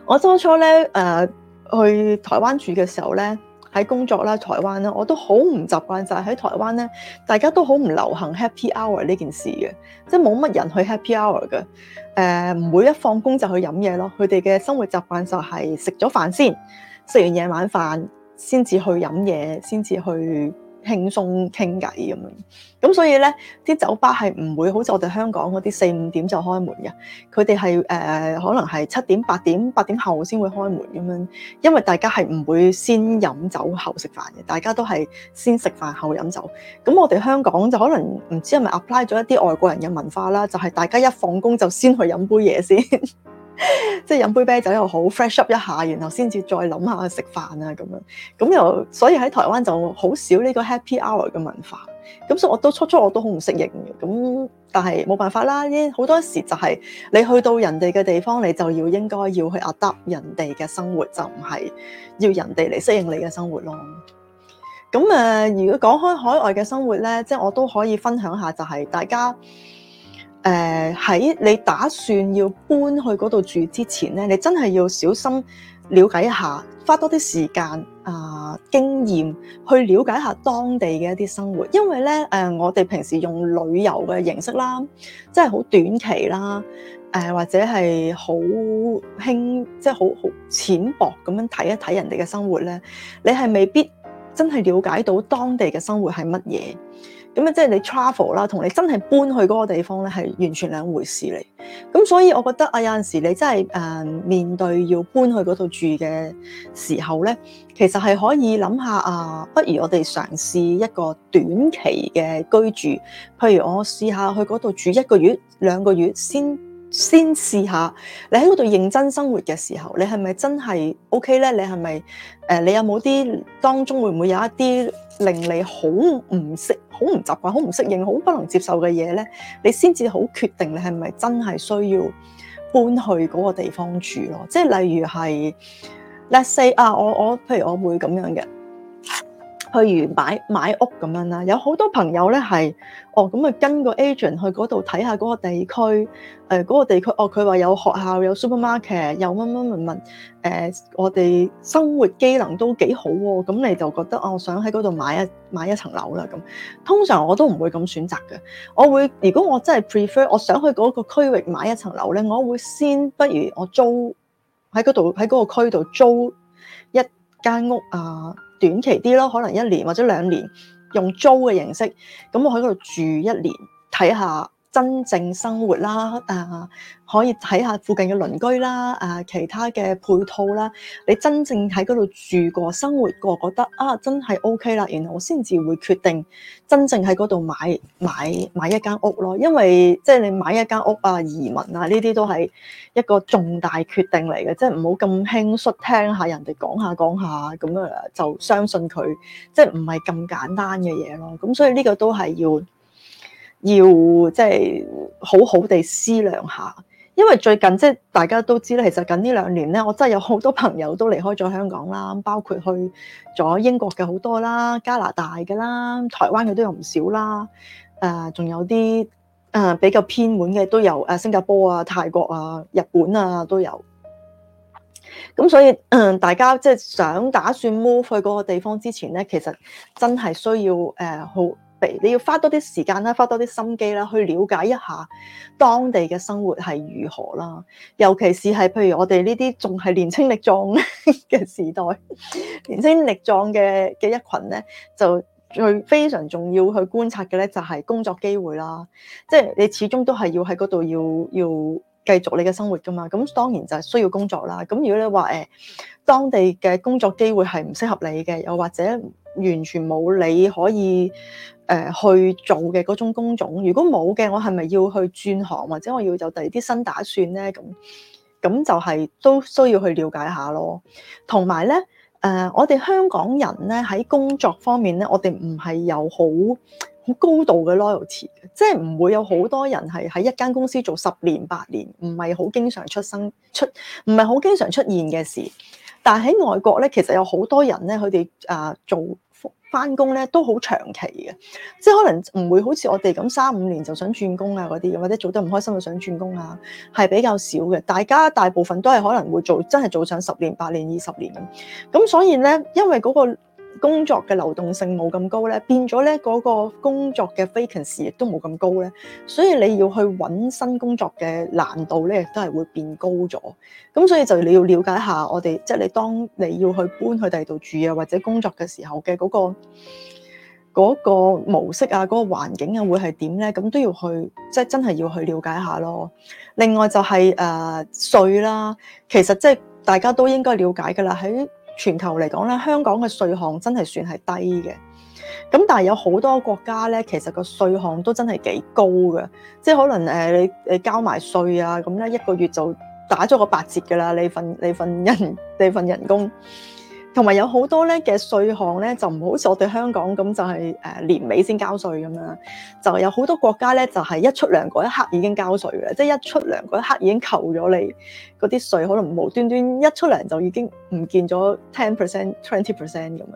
我初初咧誒去台灣住嘅時候咧。喺工作啦，台灣啦，我都好唔習慣，就係喺台灣咧，大家都好唔流行 Happy Hour 呢件事嘅，即係冇乜人去 Happy Hour 嘅，誒唔會一放工就去飲嘢咯，佢哋嘅生活習慣就係食咗飯先，食完夜晚飯先至去飲嘢，先至去。輕鬆傾偈咁樣，咁所以咧，啲酒吧係唔會好似我哋香港嗰啲四五點就開門嘅，佢哋係誒可能係七點八點八點後先會開門咁樣，因為大家係唔會先飲酒後食飯嘅，大家都係先食飯後飲酒。咁我哋香港就可能唔知係咪 apply 咗一啲外國人嘅文化啦，就係、係、大家一放工就先去飲杯嘢先。即係飲杯啤酒又好 fresh up 一下，然後先至再諗下食飯啊咁樣，咁又所以喺台灣就好少呢個 Happy Hour 嘅文化，咁所以我都初初我都好唔適應嘅，咁但係冇辦法啦，啲好多時就係你去到人哋嘅地方，你就要應該要去 adapt 人哋嘅生活，就唔係要人哋嚟適應你嘅生活咯。咁誒、呃，如果講開海外嘅生活咧，即係我都可以分享一下，就係大家。誒、呃、喺你打算要搬去嗰度住之前咧，你真係要小心了解一下，花多啲時間啊、呃、經驗去了解一下當地嘅一啲生活，因為咧、呃、我哋平時用旅遊嘅形式啦，即係好短期啦，呃、或者係好輕即係好好淺薄咁樣睇一睇人哋嘅生活咧，你係未必真係了解到當地嘅生活係乜嘢。咁即係你 travel 啦，同你真係搬去嗰個地方咧，係完全兩回事嚟。咁所以我覺得啊，有陣時你真係誒、呃、面對要搬去嗰度住嘅時候咧，其實係可以諗下啊，不如我哋嘗試一個短期嘅居住，譬如我試下去嗰度住一個月、兩個月先。先試下你喺嗰度認真生活嘅時候，你係咪真係 OK 咧？你係咪誒？你有冇啲當中會唔會有一啲令你好唔適、好唔習慣、好唔適應、好不能接受嘅嘢咧？你先至好決定你係咪真係需要搬去嗰個地方住咯？即係例如係 Let's say 啊，我我譬如我會咁樣嘅。譬如買買屋咁樣啦，有好多朋友咧係哦咁啊跟個 agent 去嗰度睇下嗰個地區，誒、呃、嗰、嗰個地區哦佢話有學校有 supermarket 有乜乜乜乜。誒、呃、我哋生活機能都幾好喎，咁你就覺得哦我想喺嗰度買一買一層樓啦咁。通常我都唔會咁選擇嘅，我會如果我真係 prefer 我想去嗰個區域買一層樓咧，我會先不如我租喺嗰度喺嗰個區度租一間屋啊。短期啲咯，可能一年或者兩年，用租嘅形式，咁我喺嗰度住一年，睇下。真正生活啦，啊，可以睇下附近嘅鄰居啦，啊，其他嘅配套啦，你真正喺嗰度住過、生活過，覺得啊，真係 OK 啦，然後我先至會決定真正喺嗰度買買買一間屋咯，因為即係、就是、你買一間屋啊、移民啊呢啲都係一個重大決定嚟嘅，即係唔好咁輕率，聽下人哋講下講下咁樣就相信佢，即係唔係咁簡單嘅嘢咯，咁所以呢個都係要。要即係、就是、好好地思量下，因為最近即係大家都知咧，其實近呢兩年咧，我真係有好多朋友都離開咗香港啦，包括去咗英國嘅好多啦、加拿大嘅啦、台灣嘅都有唔少啦，仲、呃、有啲比較偏門嘅都有，新加坡啊、泰國啊、日本啊都有。咁所以，嗯、呃，大家即係想打算 move 去嗰個地方之前咧，其實真係需要誒、呃、好。你要花多啲時間啦，花多啲心機啦，去了解一下當地嘅生活係如何啦。尤其是係譬如我哋呢啲仲係年輕力壯嘅時代，年輕力壯嘅嘅一群咧，就最非常重要去觀察嘅咧，就係工作機會啦。即係你始終都係要喺嗰度要要。要繼續你嘅生活㗎嘛，咁當然就係需要工作啦。咁如果你話誒、欸、當地嘅工作機會係唔適合你嘅，又或者完全冇你可以誒、呃、去做嘅嗰種工種，如果冇嘅，我係咪要去轉行或者我要有第二啲新打算呢？咁咁就係都需要去了解一下咯。同埋咧，誒、呃、我哋香港人咧喺工作方面咧，我哋唔係有好好高度嘅 loyalty，即係唔會有好多人係喺一間公司做十年八年，唔係好經常出生出，唔係好經常出現嘅事。但喺外國咧，其實有好多人咧，佢哋啊做翻工咧都好長期嘅，即係可能唔會好似我哋咁三五年就想轉工啊嗰啲，或者做得唔開心就想轉工啊，係比較少嘅。大家大部分都係可能會做真係做上十年、八年、二十年咁。咁所以咧，因為嗰個工作嘅流動性冇咁高咧，變咗咧嗰個工作嘅 vacancy 亦都冇咁高咧，所以你要去揾新工作嘅難度咧亦都係會變高咗。咁所以就你要了解下我哋，即係你當你要去搬去第二度住啊，或者工作嘅時候嘅嗰個嗰個模式啊，嗰個環境啊會係點咧？咁都要去即係真係要去了解下咯。另外就係誒稅啦，其實即係大家都應該了解噶啦喺。全球嚟講咧，香港嘅稅項真係算係低嘅。咁但係有好多國家咧，其實個稅項都真係幾高嘅，即係可能誒、呃、你你交埋稅啊，咁咧一個月就打咗個八折㗎喇，你份你份人你份人工。同埋有好多咧嘅稅項咧，就唔好似我哋香港咁，就係誒年尾先交稅咁樣。就有好多國家咧，就係一出糧嗰一刻已經交稅嘅，即係一出糧嗰一刻已經扣咗你嗰啲稅，可能無端端一出糧就已經唔見咗 ten percent、twenty percent 咁樣。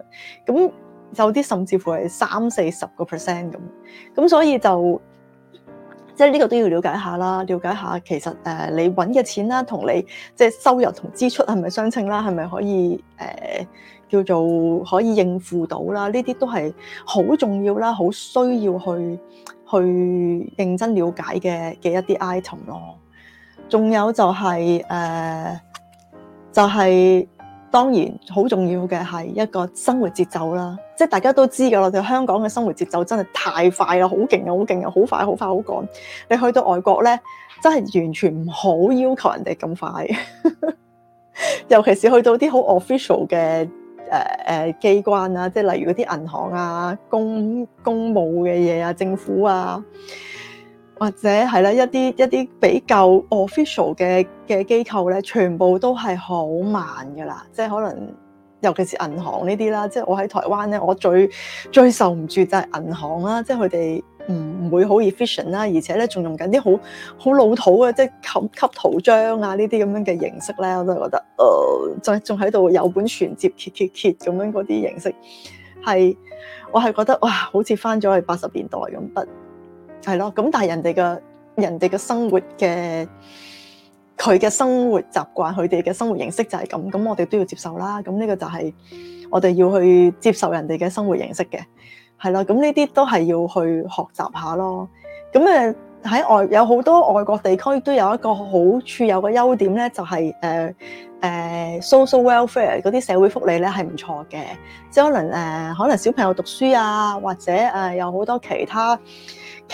咁有啲甚至乎係三四十個 percent 咁。咁所以就。即係呢個都要了解下啦，了解下其實誒你揾嘅錢啦，同你即係收入同支出係咪相稱啦，係咪可以誒、呃、叫做可以應付到啦？呢啲都係好重要啦，好需要去去認真了解嘅嘅一啲 item 咯。仲有就係、是、誒、呃，就係、是。當然好重要嘅係一個生活節奏啦，即係大家都知㗎啦，香港嘅生活節奏真係太快啦，好勁啊，好勁啊，好快好快好趕。你去到外國咧，真係完全唔好要，要求人哋咁快， 尤其是去到啲好 official 嘅誒誒機關啊，即係例如嗰啲銀行啊、公公務嘅嘢啊、政府啊。或者係啦，一啲一啲比較 official 嘅嘅機構咧，全部都係好慢噶啦，即係可能尤其是銀行呢啲啦。即係我喺台灣咧，我最最受唔住就係銀行啦，即係佢哋唔會好 efficient 啦，而且咧仲用緊啲好好老土嘅，即係摳摳圖章啊呢啲咁樣嘅形式咧，我都覺得，誒、呃，仲仲喺度有本存摺揭揭揭咁樣嗰啲形式，係我係覺得哇，好似翻咗去八十年代咁不。係咯，咁但係人哋嘅人哋嘅生活嘅佢嘅生活習慣，佢哋嘅生活形式就係咁咁，我哋都要接受啦。咁呢個就係我哋要去接受人哋嘅生活形式嘅，係咯。咁呢啲都係要去學習下咯。咁誒喺外有好多外國地區，都有一個好處，有個優點咧，就係誒誒 social welfare 嗰啲社會福利咧係唔錯嘅，即係可能誒、呃、可能小朋友讀書啊，或者誒、呃、有好多其他。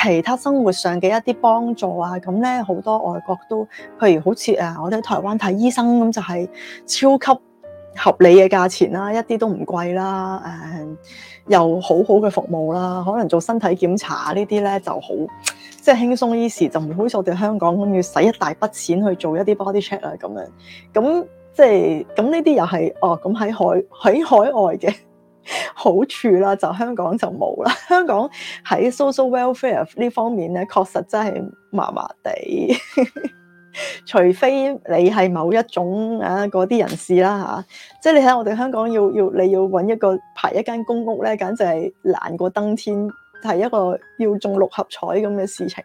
其他生活上嘅一啲幫助啊，咁咧好多外國都，譬如好似啊，我哋喺台灣睇醫生咁就係、是、超級合理嘅價錢啦，一啲都唔貴啦、呃，又好好嘅服務啦，可能做身體檢查呢啲咧就好，即、就、係、是、輕鬆啲時就唔好似我哋香港咁要使一大筆錢去做一啲 body check 啊咁樣，咁即係咁呢啲又係哦咁喺海喺海外嘅。好處啦，就香港就冇啦。香港喺 social welfare 呢方面咧，確實真係麻麻地，除非你係某一種啊嗰啲人士啦吓，即係你喺我哋香港要要你要搵一個排一間公屋咧，簡直係難過登天，係一個要中六合彩咁嘅事情。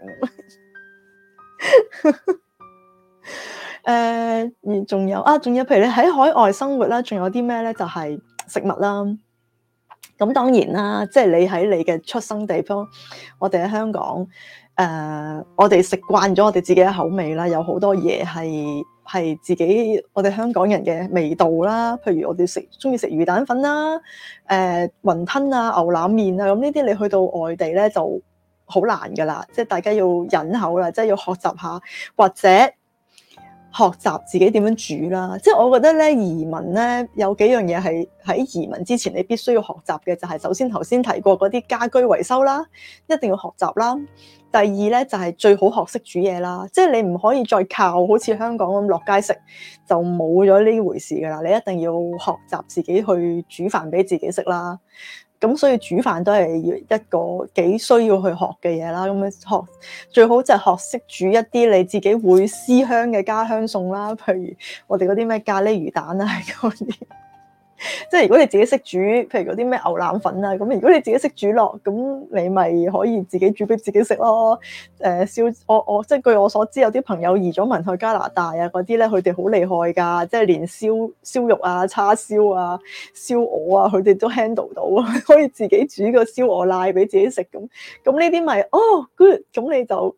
誒，仲有啊，仲有，譬如你喺海外生活啦，仲有啲咩咧？就係食物啦。咁當然啦，即係你喺你嘅出生地方，我哋喺香港，誒、呃，我哋食慣咗我哋自己嘅口味啦，有好多嘢係係自己我哋香港人嘅味道啦，譬如我哋食鍾意食魚蛋粉啦、誒、呃、雲吞啊、牛腩麵啊，咁呢啲你去到外地咧就好難噶啦，即係大家要忍口啦，即係要學習一下或者。學習自己點樣煮啦，即係我覺得咧移民咧有幾樣嘢係喺移民之前你必須要學習嘅，就係首先頭先提過嗰啲家居維修啦，一定要學習啦。第二咧就係最好學識煮嘢啦，即係你唔可以再靠好似香港咁落街食就冇咗呢回事噶啦，你一定要學習自己去煮飯俾自己食啦。咁所以煮飯都係要一個幾需要去學嘅嘢啦，咁樣學最好就係學識煮一啲你自己會思鄉嘅家鄉餸啦，譬如我哋嗰啲咩咖喱魚蛋啊嗰啲。 即係如果你自己識煮，譬如嗰啲咩牛腩粉啊，咁如果你自己識煮落，咁你咪可以自己煮俾自己食咯。誒、呃，燒我我即係據我所知，有啲朋友移咗民去加拿大啊，嗰啲咧佢哋好厲害噶，即係連燒燒肉啊、叉燒啊、燒鵝啊，佢哋都 handle 到，可以自己煮個燒鵝瀨俾自己食。咁咁呢啲咪哦，good，咁咁你就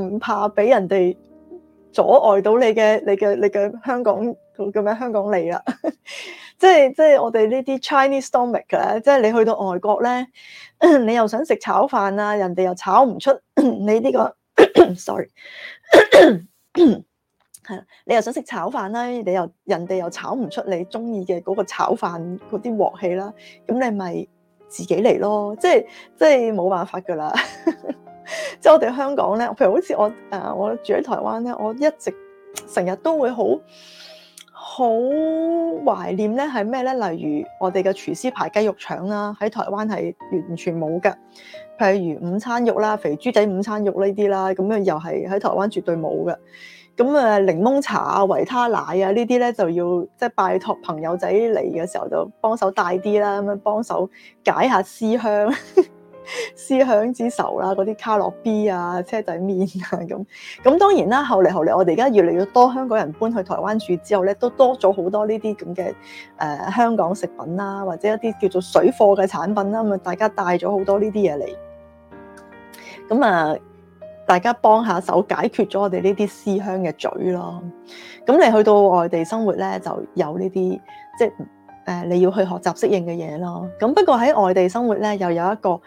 唔怕俾人哋。阻礙到你嘅、你嘅、你嘅香港叫咩？香港嚟啦！即係即係我哋呢啲 Chinese stomach 嘅，即係你去到外國咧，你又想食炒飯啊，人哋又炒唔出你呢、呢個 ，sorry，係啦， 你又想食炒飯啦，你又人哋又炒唔出你中意嘅嗰個炒飯嗰啲鑊氣啦，咁你咪自己嚟咯，即係即係冇辦法噶啦。 即係我哋香港咧，譬如好似我誒，我住喺台灣咧，我一直成日都會好好懷念咧，係咩咧？例如我哋嘅廚師牌雞肉腸啦，喺台灣係完全冇㗎。譬如午餐肉啦、肥豬仔午餐肉呢啲啦，咁樣又係喺台灣絕對冇㗎。咁啊，檸檬茶啊、維他奶啊呢啲咧，就要即係拜託朋友仔嚟嘅時候就幫手帶啲啦，咁樣幫手解一下思鄉。思鄉之愁啦，嗰啲卡樂 B 啊、車仔麵啊咁，咁當然啦，後嚟後嚟，我哋而家越嚟越多香港人搬去台灣住之後咧，都多咗好多呢啲咁嘅誒香港食品啦、啊，或者一啲叫做水貨嘅產品啦、啊，咁啊大家帶咗好多呢啲嘢嚟，咁啊大家幫下手解決咗我哋呢啲思鄉嘅嘴咯。咁你去到外地生活咧，就有呢啲即係誒、呃，你要去學習適應嘅嘢咯。咁不過喺外地生活咧，又有一個。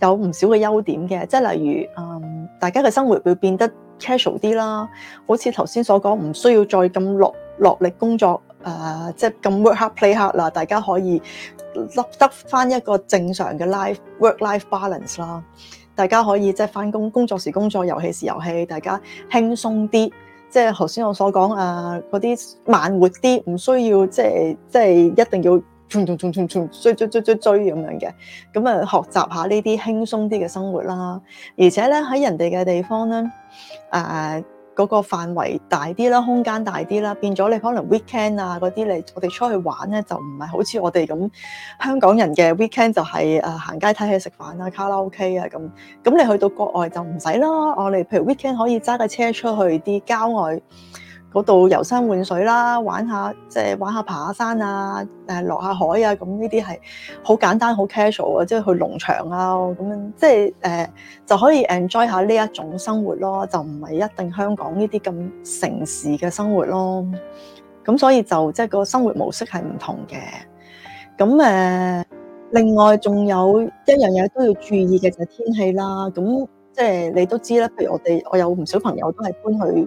有唔少嘅優點嘅，即係例如，嗯，大家嘅生活會變得 casual 啲啦，好似頭先所講，唔需要再咁落落力工作，誒、呃，即係咁 work hard play hard 啦，大家可以得得返一個正常嘅 life work life balance 啦，大家可以即係返工工作時工作，遊戲時遊戲，大家輕鬆啲，即係頭先我所講，誒、呃，嗰啲慢活啲，唔需要即係即係一定要。追追追追追咁樣嘅，咁啊，學習下呢啲輕鬆啲嘅生活啦，而且咧，喺人哋嘅地方咧，誒嗰個範圍大啲啦，空間大啲啦，變咗你可能 weekend 啊，嗰啲，你我哋出去玩咧，就唔係好似我哋咁香港人嘅 weekend 就係誒行街睇戲、食飯啊、卡拉 OK 啊咁，咁你去到國外就唔使啦，我哋譬如 weekend 可以揸架車出去啲郊外。嗰度遊山玩水啦，玩下即係玩下爬下山啊，誒落下海啊，咁呢啲係好簡單好 casual 啊，即係去農場啊咁樣，即係誒就可以 enjoy 下呢一種生活咯，就唔係一定香港呢啲咁城市嘅生活咯。咁所以就即係個生活模式係唔同嘅。咁誒另外仲有一樣嘢都要注意嘅就係天氣啦。咁即係你都知啦，譬如我哋我有唔少朋友都係搬去。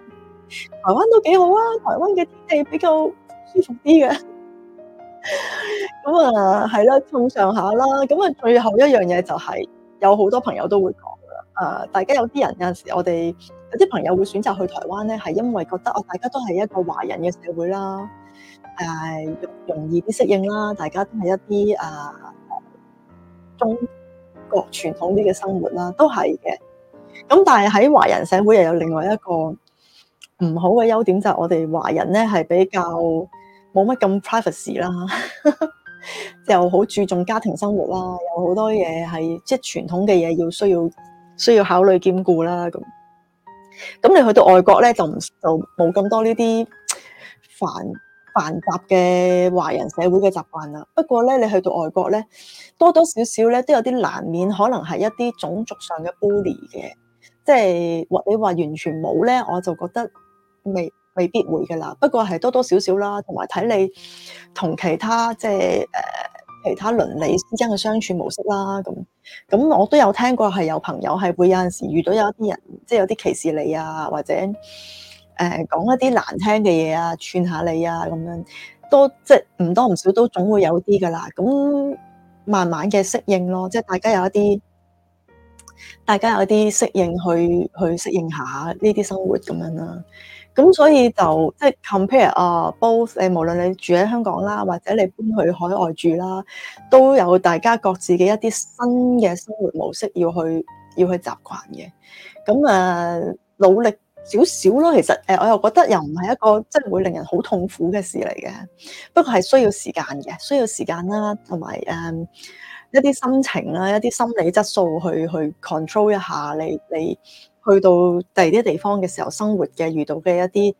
台灣都幾好啊！台灣嘅天氣比較舒服啲嘅，咁啊係啦，咁、嗯、上下啦，咁、嗯、啊最後一樣嘢就係、是、有好多朋友都會講噶啦。誒、呃，大家有啲人有陣時候我，我哋有啲朋友會選擇去台灣咧，係因為覺得啊、哦，大家都係一個華人嘅社會啦，誒、呃，容易啲適應啦，大家都係一啲誒、呃、中國傳統啲嘅生活啦，都係嘅。咁、嗯、但係喺華人社會又有另外一個。唔好嘅優點就係我哋華人咧，係比較冇乜咁 privacy 啦，就 好注重家庭生活啦，有好多嘢係即係傳統嘅嘢要需要需要考慮兼顧啦咁。咁你去到外國咧，就唔就冇咁多呢啲繁繁雜嘅華人社會嘅習慣啦。不過咧，你去到外國咧，多多少少咧都有啲難免可能係一啲種族上嘅 bully 嘅，即係或你話完全冇咧，我就覺得。未未必會嘅啦，不過係多多少少啦，同埋睇你同其他即係誒其他鄰里之間嘅相處模式啦。咁咁我都有聽過係有朋友係會有陣時遇到一些有一啲人即係有啲歧視你啊，或者誒講、呃、一啲難聽嘅嘢啊，串下你啊咁樣，都即係唔多唔少都總會有啲嘅啦。咁慢慢嘅適應咯，即係大家有一啲大家有一啲適應去去適應一下呢啲生活咁樣啦。咁所以就即係、就是、compare 啊、uh,，both 誒，無論你住喺香港啦，或者你搬去海外住啦，都有大家各自嘅一啲新嘅生活模式要去要去習慣嘅。咁誒，uh, 努力少少咯，其實誒，uh, 我又覺得又唔係一個即係、就是、會令人好痛苦嘅事嚟嘅。不過係需要時間嘅，需要時間啦，同埋誒一啲心情啦，一啲心理質素去去 control 一下你你。去到第二啲地方嘅時候，生活嘅遇到嘅一啲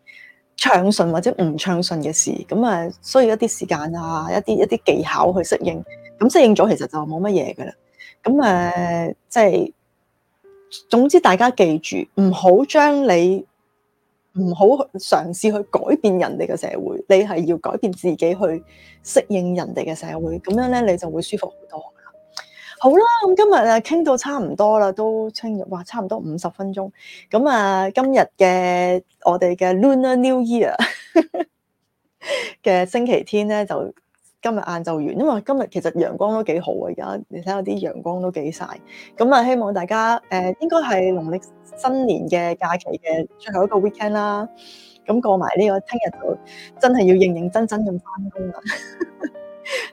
暢順或者唔暢順嘅事，咁啊需要一啲時間啊，一啲一啲技巧去適應。咁適應咗，其實就冇乜嘢㗎啦。咁啊，即係總之，大家記住，唔好將你唔好嘗試去改變人哋嘅社會，你係要改變自己去適應人哋嘅社會。咁樣咧，你就會舒服好多。好啦，咁今日啊，傾到差唔多啦，都清，哇，差唔多五十分鐘。咁啊，今日嘅我哋嘅 Lunar New Year 嘅 星期天咧，就今日晏晝完，因為今日其實陽光都幾好啊，而家你睇下啲陽光都幾曬，咁啊，希望大家誒、呃、應該係農曆新年嘅假期嘅最後一個 weekend 啦。咁過埋呢個聽日就真係要認認真真咁翻工啦。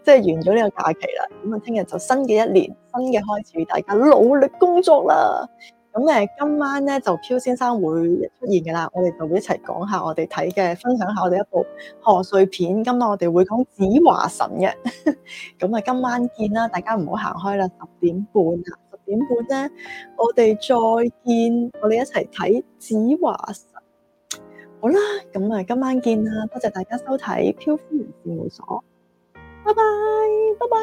即係完咗呢個假期啦，咁啊聽日就新嘅一年，新嘅開始，大家努力工作啦。咁誒，今晚咧就飄先生會出現噶啦，我哋就會一齊講下我哋睇嘅，分享下我哋一部賀歲片。今晚我哋會講《紫華神》嘅，咁啊今晚見啦，大家唔好行開啦，十點半啊，十點半咧我哋再見，我哋一齊睇《紫華神》。好啦，咁啊今晚見啦，多謝大家收睇《飄夫人事務所》。拜拜，拜拜。